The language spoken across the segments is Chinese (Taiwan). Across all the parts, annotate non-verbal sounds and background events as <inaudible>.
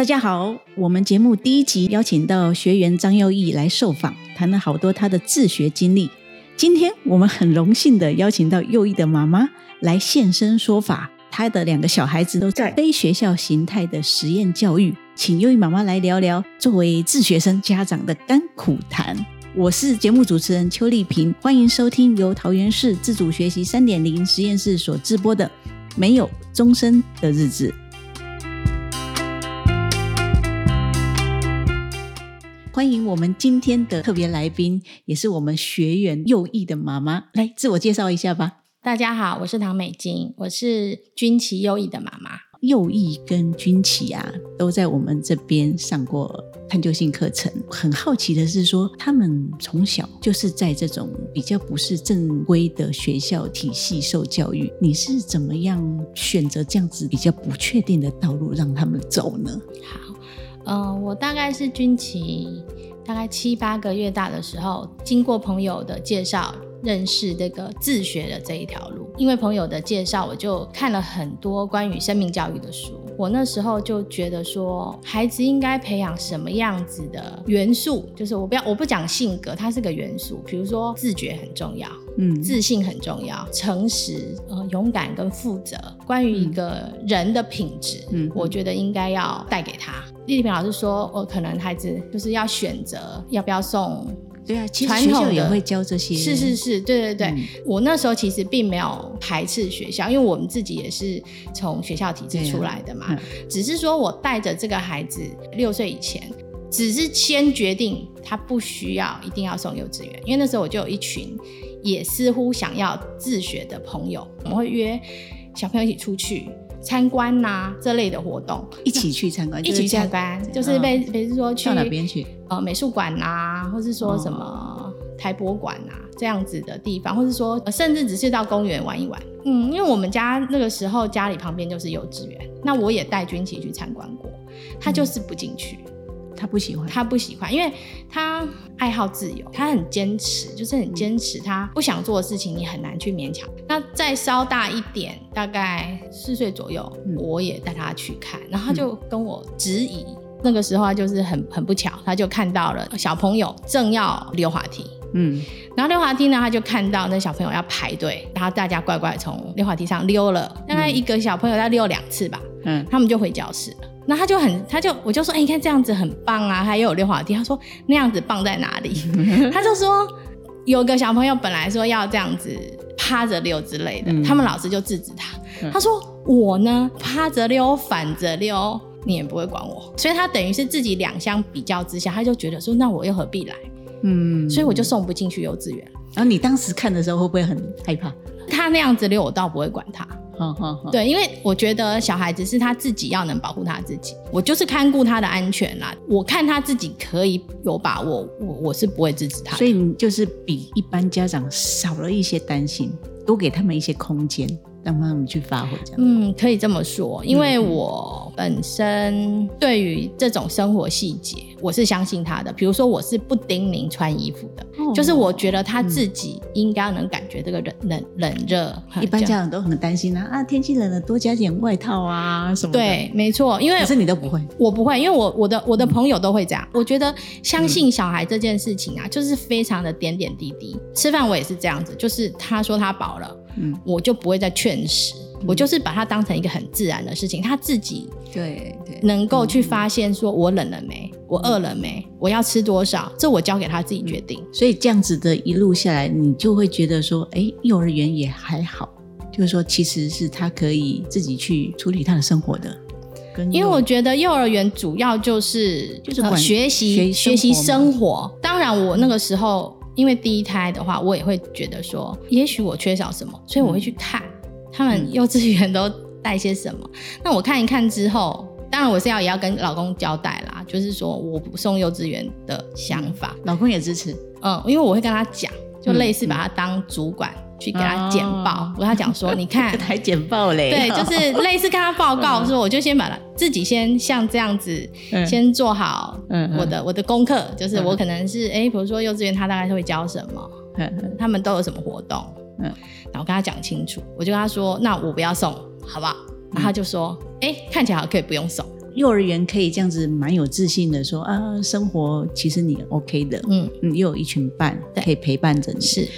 大家好，我們節目第一集邀請到學員張又懿來受訪，談了好多他的自學經歷。今天我們很榮幸的邀請到又懿的媽媽來現身說法，她的兩個小孩子都在非學校形態的實驗教育，請又懿媽媽來聊聊作為自學生家長的甘苦談。我是節目主持人邱儷萍，歡迎收聽由桃園市自主學習三點零實驗室所製播的《沒有鐘聲的日子》。歡迎我們今天的特別來賓，也是我們學員又懿的媽媽，來，自我介紹一下吧。大家好，我是唐美晶，我是鈞祺又懿的媽媽。又懿跟鈞祺啊，都在我們這邊上過探究性課程。很好奇的是說，說他們從小就是在這種比較不是正規的學校體系受教育，你是怎麼樣選擇這樣子比較不確定的道路讓他們走呢？好。嗯、呃，我大概是鈞祺，大概七八個月大的時候，經過朋友的介紹認識這個自學的這一條路。因為朋友的介紹，我就看了很多關於生命教育的書。我那時候就覺得說，孩子應該培養什麼樣子的元素？就是我不要我不講性格，它是個元素。比如說自覺很重要，嗯，自信很重要，誠實，呃，勇敢跟負責，關於一個人的品質，嗯，我覺得應該要帶給他。儷萍老師說：“哦，可能孩子就是要選擇要不要送，對啊，其實學校也會教這些。是是是，對對對。嗯、我那時候其實並沒有排斥學校，因為我們自己也是從學校體制出來的嘛。啊嗯、只是說我帶着這個孩子六歲以前，只是先決定他不需要一定要送幼稚園，因為那時候我就有一群也似乎想要自學的朋友，我會約小朋友一起出去。”參觀吶、啊、這類的活動，一起去參觀，參觀一起參觀，就是被，哦、比如說去到哪邊去？呃，美術館吶、啊，或是說什麼台博館吶、啊哦、這樣子的地方，或是說、呃、甚至只是到公園玩一玩。嗯，因為我們家那個時候家裡旁邊就是幼稚園，那我也帶鈞祺去參觀過，他就是不進去。嗯他不喜歡，他不喜歡，因為他愛好自由，他很堅持，就是很堅持。他不想做的事情，你很難去勉強。那再稍大一點，大概四歲左右，嗯、我也帶他去看，然後他就跟我質疑。嗯、那個時候就是很很不巧，他就看到了小朋友正要溜滑梯，嗯，然後溜滑梯呢，他就看到那小朋友要排隊，然後大家乖乖從溜滑梯上溜了，大概一個小朋友要溜兩次吧，嗯，他們就回教室了。那他就很，他就，我就說，哎、欸，你看這樣子很棒啊，他又有溜滑梯。他說那樣子棒在哪裡？ <laughs> 他就說，有個小朋友本來說要這樣子趴着溜之類的，嗯、他們老師就制止他。嗯、他說我呢趴着溜，反着溜，你也不會管我。所以他等於是自己兩相比較之下，他就覺得說，那我又何必來？嗯，所以我就送不進去幼稚園。然後、啊、你當時看的時候會不會很害怕？他那樣子溜，我倒不會管他。嗯哼哼，oh, oh, oh. 對，因為我覺得小孩子是他自己要能保護他自己，我就是看顧他的安全啦。我看他自己可以有把握，我我是不會制止他，所以你就是比一般家長少了一些擔心，多給他們一些空間。讓他們去發揮，這樣嗯，可以這麼說。因為我本身對於這種生活細節，我是相信他的。比如說，我是不叮嚀穿衣服的，哦、就是我覺得他自己應該能感覺這個冷、嗯、冷冷冷熱。一般家長都很擔心啊啊，天氣冷了，多加點外套啊什麼。對，沒錯，因為可是你都不會，我不會，因為我我的我的朋友都會這樣。嗯、我覺得相信小孩這件事情啊，就是非常的點點滴滴。嗯、吃飯我也是這樣子，就是他說他飽了。我就不會再勸食，嗯、我就是把它當成一個很自然的事情，他自己對對，能夠去發現說，我冷了沒，我餓了沒，我要吃多少，這我交給他自己決定。嗯、所以這樣子的一路下來，你就會覺得說，誒、欸，幼兒園也還好，就是說其實是他可以自己去處理他的生活的。因為我覺得幼兒園主要就是就是管、呃、學習學習生，生活。當然，我那個時候。啊因為第一胎的話，我也會覺得說，也許我缺少什麼，所以我會去看他們幼稚園都帶些什麼。嗯、那我看一看之後，當然我是要也要跟老公交代啦，就是說我不送幼稚園的想法，嗯、老公也支持。嗯，因為我會跟他講，就類似把他當主管。嗯嗯去給他簡報，我跟他講說：“你看，還簡報嘞？對，就是類似跟他報告說，我就先把他自己先像這樣子，先做好我的我的功課，就是我可能是哎，比如說幼稚園他大概會教什麼，他們都有什麼活動，嗯，然後我跟他講清楚，我就跟他說：‘那我不要送，好不好？’然後他就說：‘哎，看起來好，可以不用送，幼兒園可以這樣子，蠻有自信的說，啊，生活其實你 OK 的，嗯，又有一群伴可以陪伴着你，是。’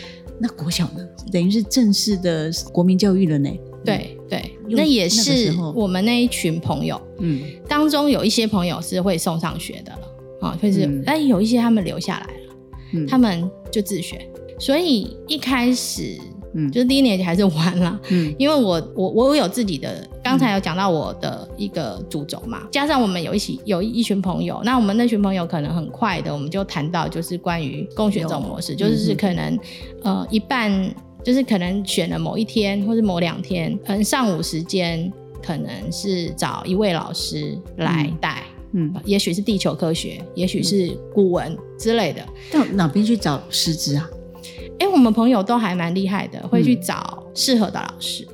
那國小呢？等於是正式的國民教育了呢、欸。嗯、對對，那也是我們那一群朋友，嗯，當中有一些朋友是會送上學的了，嗯、啊，就是，但有一些他們留下來了，嗯、他們就自學。所以一開始。嗯，就是第一年級還是玩了，嗯，因為我我我有自己的，剛才有講到我的一個主軸嘛，嗯、加上我們有一起有一群朋友，那我們那群朋友可能很快的，我們就談到就是關於共學這種模式，有就是可能、嗯嗯、呃一半就是可能選了某一天或者某兩天，可能上午時間可能是找一位老師來帶、嗯，嗯，也許是地球科學，也許是古文之類的，嗯嗯、到哪邊去找師資啊？因為、欸、我們朋友都還蠻厲害的，會去找適合的老師、嗯。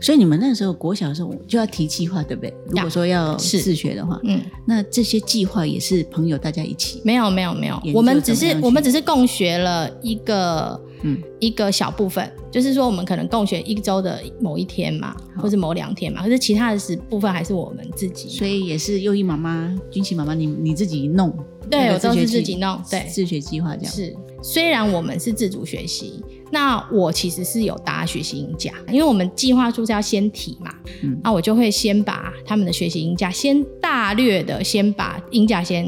所以你們那時候國小的時候就要提計劃，對不對？如果說要自學的話，啊、嗯，那這些計劃也是朋友大家一起。沒有，沒有，沒有，我們只是我們只是共學了一個。嗯，一個小部分，就是說我們可能共學一周的某一天嘛，好或是某兩天嘛，可是其他的部分還是我們自己，所以也是又懿媽媽、鈞祺媽媽你你自己弄，對我都是自己弄，對自學計劃這樣是。雖然我們是自主學習，那我其實是有搭學習鷹架，因為我們計劃書是要先提嘛，嗯，那我就會先把他們的學習鷹架先大略的先把鷹架先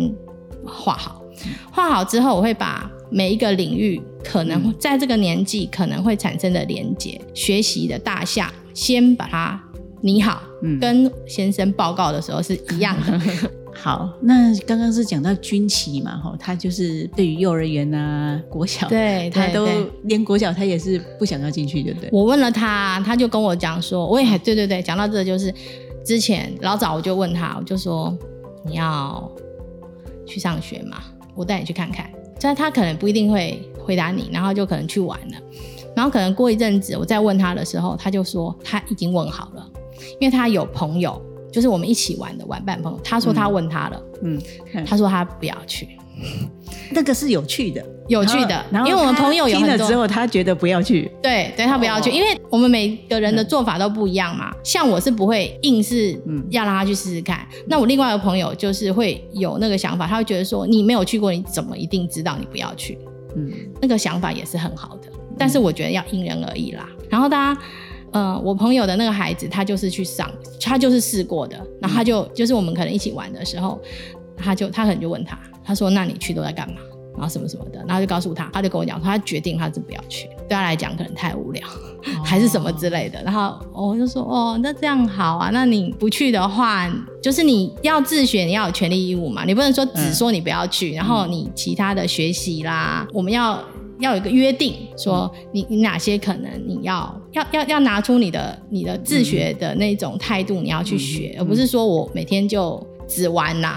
畫好，畫好之後我會把。每一個領域可能在這個年紀可能會產生的連接、嗯、學習的大廈，先把它擬好，嗯，跟先生報告的時候是一樣的。嗯、 <laughs> 好，那剛剛是講到鈞祺嘛，吼，他就是對於幼兒園啊、國小，對,對,對，他都連國小他也是不想要進去對，對不對？我問了他，他就跟我講說，我也還對對對，講到這個就是之前老早我就問他，我就說你要去上學嘛，我帶你去看看。所以，但他可能不一定會回答你，然後就可能去玩了。然後，可能過一陣子，我再問他的時候，他就說他已經問好了，因為他有朋友，就是我們一起玩的玩伴朋友。他說他問他了，嗯，嗯，他說他不要去。 <laughs> 那個是有趣的，有趣的。然後因為我們朋友聽了之後，後他覺得不要去。對對，他不要去，哦、因為我們每個人的做法都不一樣嘛。像我是不會硬是要讓他去試試看。嗯、那我另外一個朋友就是會有那個想法，他會覺得說：“你沒有去過，你怎麼一定知道你不要去？”嗯，那個想法也是很好的，但是我覺得要因人而異啦。嗯、然後他呃，我朋友的那個孩子，他就是去上，他就是試過的。然後他就，嗯、就是我們可能一起玩的時候，他就他可能就問他。他說：“那你去都在幹嘛？然後什麼什麼的，然後就告訴他，他就跟我講，他決定他是不要去，對他來講可能太無聊，哦、還是什麼之類的。然後、哦、我就說：哦，那這樣好啊。那你不去的話，就是你要自學，你要有權利義務嘛，你不能說只說你不要去，嗯、然後你其他的學習啦，嗯、我們要要有一個約定，說你，你哪些可能你要要要要拿出你的你的自學的那種態度，你要去學，嗯、而不是說我每天就只玩吶。”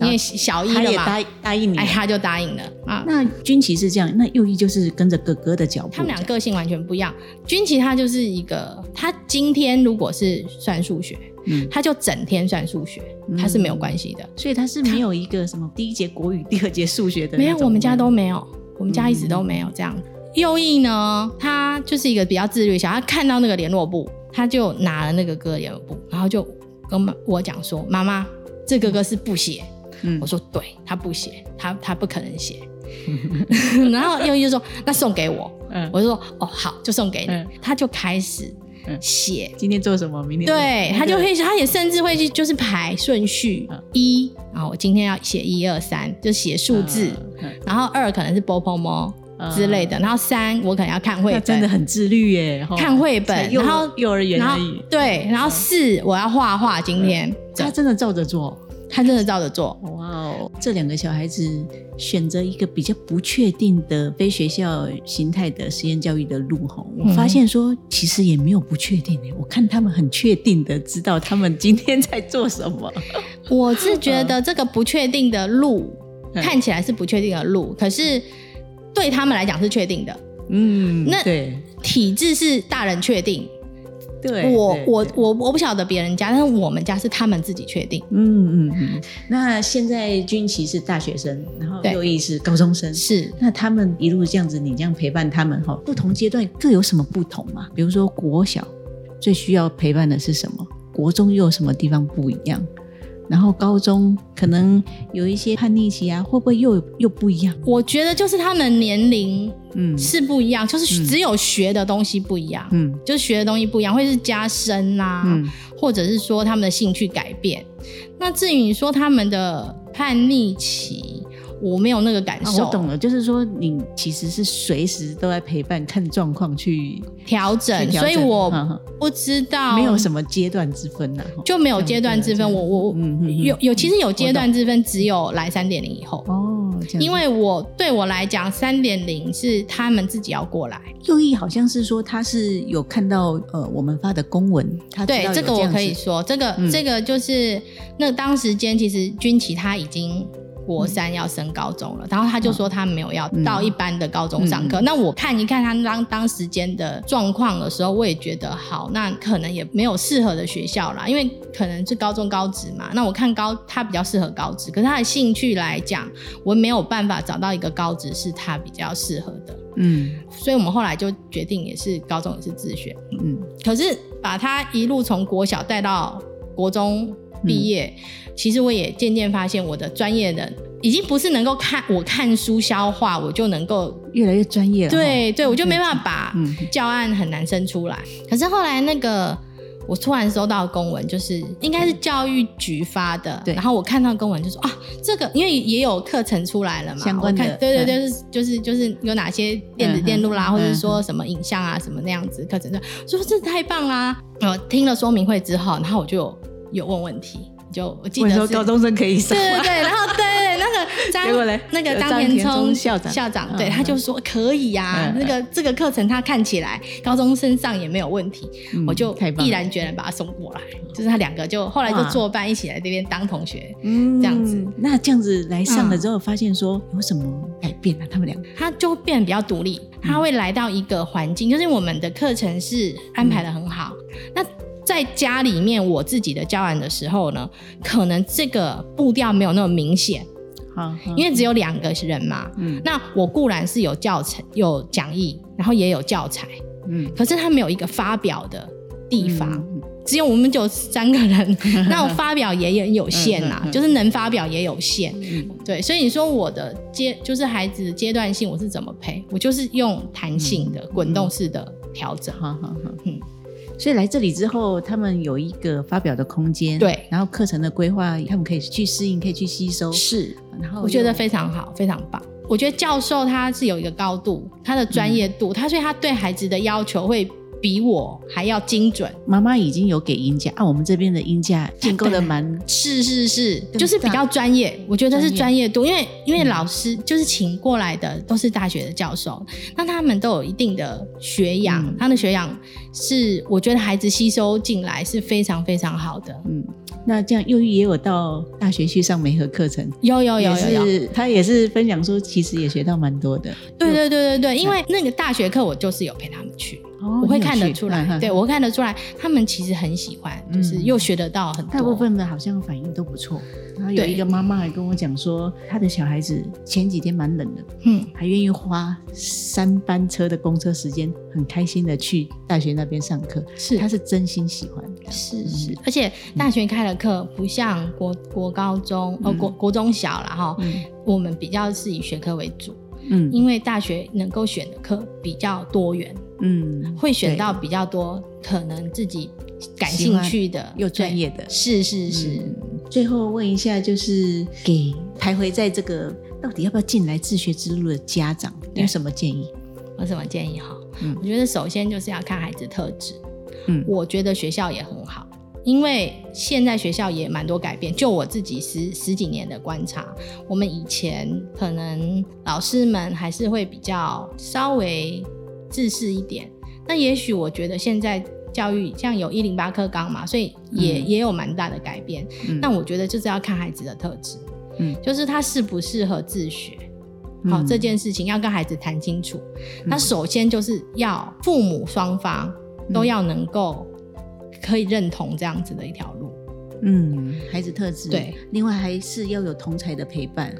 因為小一了嘛，他也答答應你，哎，他就答應了啊。那鈞祺是這樣，那又懿就是跟着哥哥的腳步。他們倆個，個性完全不一樣。鈞祺他就是一個，他今天如果是算數學，嗯、他就整天算數學，他是沒有關係的、嗯，所以他是沒有一個什麼第一節國語、他第二節數學的,的。沒有，我們家都沒有，我們家一直都沒有這樣。又懿、嗯、呢，他就是一個比較自律的小孩，看到那個聯絡簿，他就拿了那個哥聯絡簿，然後就跟我講說：“媽媽、嗯，這哥、個、哥是不寫。”我說對，他不寫，他他不可能寫。然後又一說：“那送給我。”我就說：“哦，好，就送給你。”他就開始寫。今天做什麼？明天對他就會，他也甚至會去，就是排順序。一。然後我今天要寫一二三，就寫數字。然後二可能是波波 b 之類的。然後三我可能要看繪本，真的很自律耶，看繪本。然後幼兒園可以對，然後四我要畫畫。今天他真的照着做。他真的照着做，哇哦 Wow！這兩個小孩子選擇一個比較不確定的非學校型態的實驗教育的路，哈，我發現說其實也沒有不確定的、欸，我看他們很確定的知道他們今天在做什麼。 <laughs> 我是覺得這個不確定的路、 <laughs> 嗯、看起來是不確定的路，可是對他們來講是確定的。嗯，那體制是大人確定。對對對我我我我不曉得別人家，但是我們家是他們自己確定。嗯嗯嗯。那現在鈞祺是大學生，然後又懿是高中生。是，那他們一路這樣子，你這樣陪伴他們哈，不同階段各有什麼不同嘛？比如說國小最需要陪伴的是什麼？國中又有什麼地方不一樣？然後高中可能有一些叛逆期啊，會不會又又不一樣？我覺得就是他們年齡嗯是不一樣，嗯、就是只有學的東西不一樣，嗯，就是學的東西不一樣，會是加深吶、啊，嗯、或者是說他們的興趣改變。那至於你說他們的叛逆期。我沒有那個感受、啊，我懂了，就是說你其實是隨時都在陪伴，看狀況去調整，調整。所以我不知道、啊、沒有什麼階段之分、啊、就沒有階段之分。之分我我、嗯嗯嗯、有有其實有階段之分，只有來三點零以後哦，嗯、因為我對我來講，三點零是他們自己要過來。又懿好像是說他是有看到呃我們發的公文，這對這個我可以說，嗯、這個這個就是那當時間其實鈞祺他已經。國三要升高中了，嗯、然後他就說他沒有要到一般的高中上課。嗯、那我看一看他當當時間的狀況的時候，我也覺得好，那可能也沒有適合的學校啦，因為可能是高中高職嘛。那我看高，他比較適合高職，可是他的興趣來講，我沒有辦法找到一個高職是他比較適合的。嗯，所以我們後來就決定也是高中也是自學，嗯，可是把他一路從國小帶到國中。畢業，其實我也漸漸發現，我的專業的已經不是能夠看我看書消化，我就能夠越來越專業了。了。對對，我就沒辦法把教案很難生出來。可是後來那個，我突然收到公文，就是應該是教育局發的，嗯、然後我看到公文就說啊，這個因為也有課程出來了嘛，相關的我看，對對對，嗯、就是就是就是有哪些電子電路啦，嗯、哼或者說什麼影像啊、嗯、哼什麼那樣子課程說這太棒啦、啊！我聽了說明會之後，然後我就。有問問題，就我記得說高中生可以上，對對，然後對那個結果呢？那個當年中校長，校長對他就說可以呀，那個這個課程他看起來高中生上也沒有問題，我就毅然決然把他送過來，就是他兩個就後來就作伴一起來這邊當同學，嗯，這樣子。那這樣子來上了之後，發現說有什麼改變呢？他們兩個他就會變得比較獨立，他會來到一個環境，就是我們的課程是安排得很好，那。在家裡面，我自己的教案的時候呢，可能這個步調沒有那麼明顯，因為只有兩個人嘛，嗯，那我固然是有教程、有講義，然後也有教材，可是他沒有一個發表的地方，只有我們就三個人，那我發表也也有限吶，就是能發表也有限，對，所以你說我的階就是孩子階段性我是怎麼配，我就是用彈性的滾動式的調整，哈哈哈。所以來這裡之後，他們有一個發表的空間，對，然後課程的規劃，他們可以去適應，可以去吸收，是，然後我覺得非常好，非常棒。我覺得教授他是有一個高度，他的專業度，嗯、他所以他對孩子的要求會。比我還要精準。媽媽已經有給鷹架啊，我們這邊的鷹架建構的蠻是是、是，就是比較專業。我覺得是專業度，因為因為老師就是請過來的都是大學的教授，那他們都有一定的學養，他的學養是我覺得孩子吸收進來是非常非常好的。嗯，那這樣又也有到大學去上美和課程？有有有有、有，他也是分享說其實也學到蠻多的。對、對、對、對、對，因為那個大學課我就是有陪他們去。我會看得出來，對我會看得出來，他們其實很喜歡，就是又學得到很多。大部分的好像反應都不錯。然後有一個媽媽還跟我講說，他的小孩子前幾天蠻冷的，嗯，還願意花三班車的公車時間，很開心的去大學那邊上課。是，他是真心喜歡。是是，而且大學開了課，不像國國高中哦國國中小了哈，我們比較是以學科為主。嗯，因為大學能夠選的課比較多元，嗯，會選到比較多可能自己感興趣的、又專業的，是是是。是，嗯、是最後問一下，就是給徘徊在這個到底要不要進來自學之路的家長，對有什麼建議？有什麼建議哈？嗯，我覺得首先就是要看孩子特質，嗯，我覺得學校也很好。因為現在學校也蠻多改變，就我自己十十幾年的觀察，我們以前可能老師們還是會比較稍微自私一點，那也許我覺得現在教育像有一零八課綱嘛，所以也、嗯、也有蠻大的改變。那、嗯、我覺得就是要看孩子的特質，嗯，就是他適不適合自學，好、嗯哦、這件事情要跟孩子談清楚。嗯、那首先就是要父母雙方都要能夠。可以認同這樣子的一條路，嗯，孩子特質對，另外還是要有同儕的陪伴，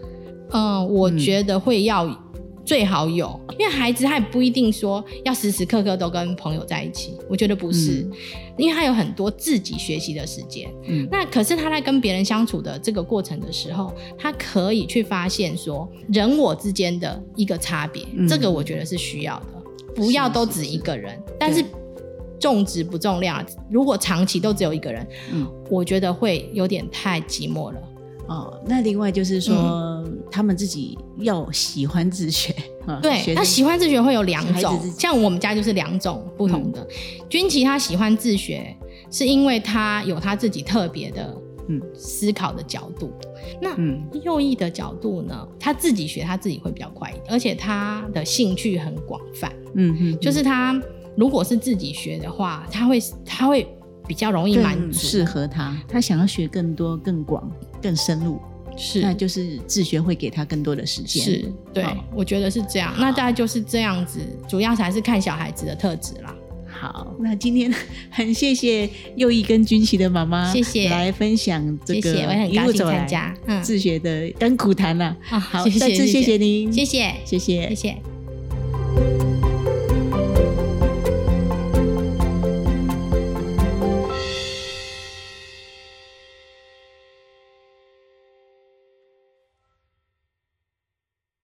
嗯、呃，我覺得會要最好有，嗯、因為孩子他也不一定說要時時刻刻都跟朋友在一起，我覺得不是，嗯、因為他有很多自己學習的時間，嗯，那可是他在跟別人相處的這個過程的時候，他可以去發現說人我之間的一個差別，嗯、這個我覺得是需要的，不要都只一個人，是是是但是。重質不重量，如果長期都只有一個人，嗯，我覺得會有點太寂寞了哦，那另外就是說，嗯、他們自己要喜歡自學，啊、對，那生喜歡自學會有兩種，像我們家就是兩種不同的。嗯、鈞祺他喜歡自學，是因為他有他自己特別的嗯思考的角度。嗯、那、嗯、又懿的角度呢，他自己學他自己會比較快一點，而且他的興趣很廣泛，嗯哼嗯，就是他。如果是自己學的話，他會他會比較容易滿足，適合他。他想要學更多、更廣、更深入，是，那就是自學會給他更多的時間。是，對，我覺得是這樣。那大概就是這樣子，主要還是看小孩子的特質啦。好，那今天很謝謝又懿跟鈞祺的媽媽，謝謝來分享這個我很感一路走來自學的甘苦談了。好，再次謝謝您，謝，謝謝，謝謝。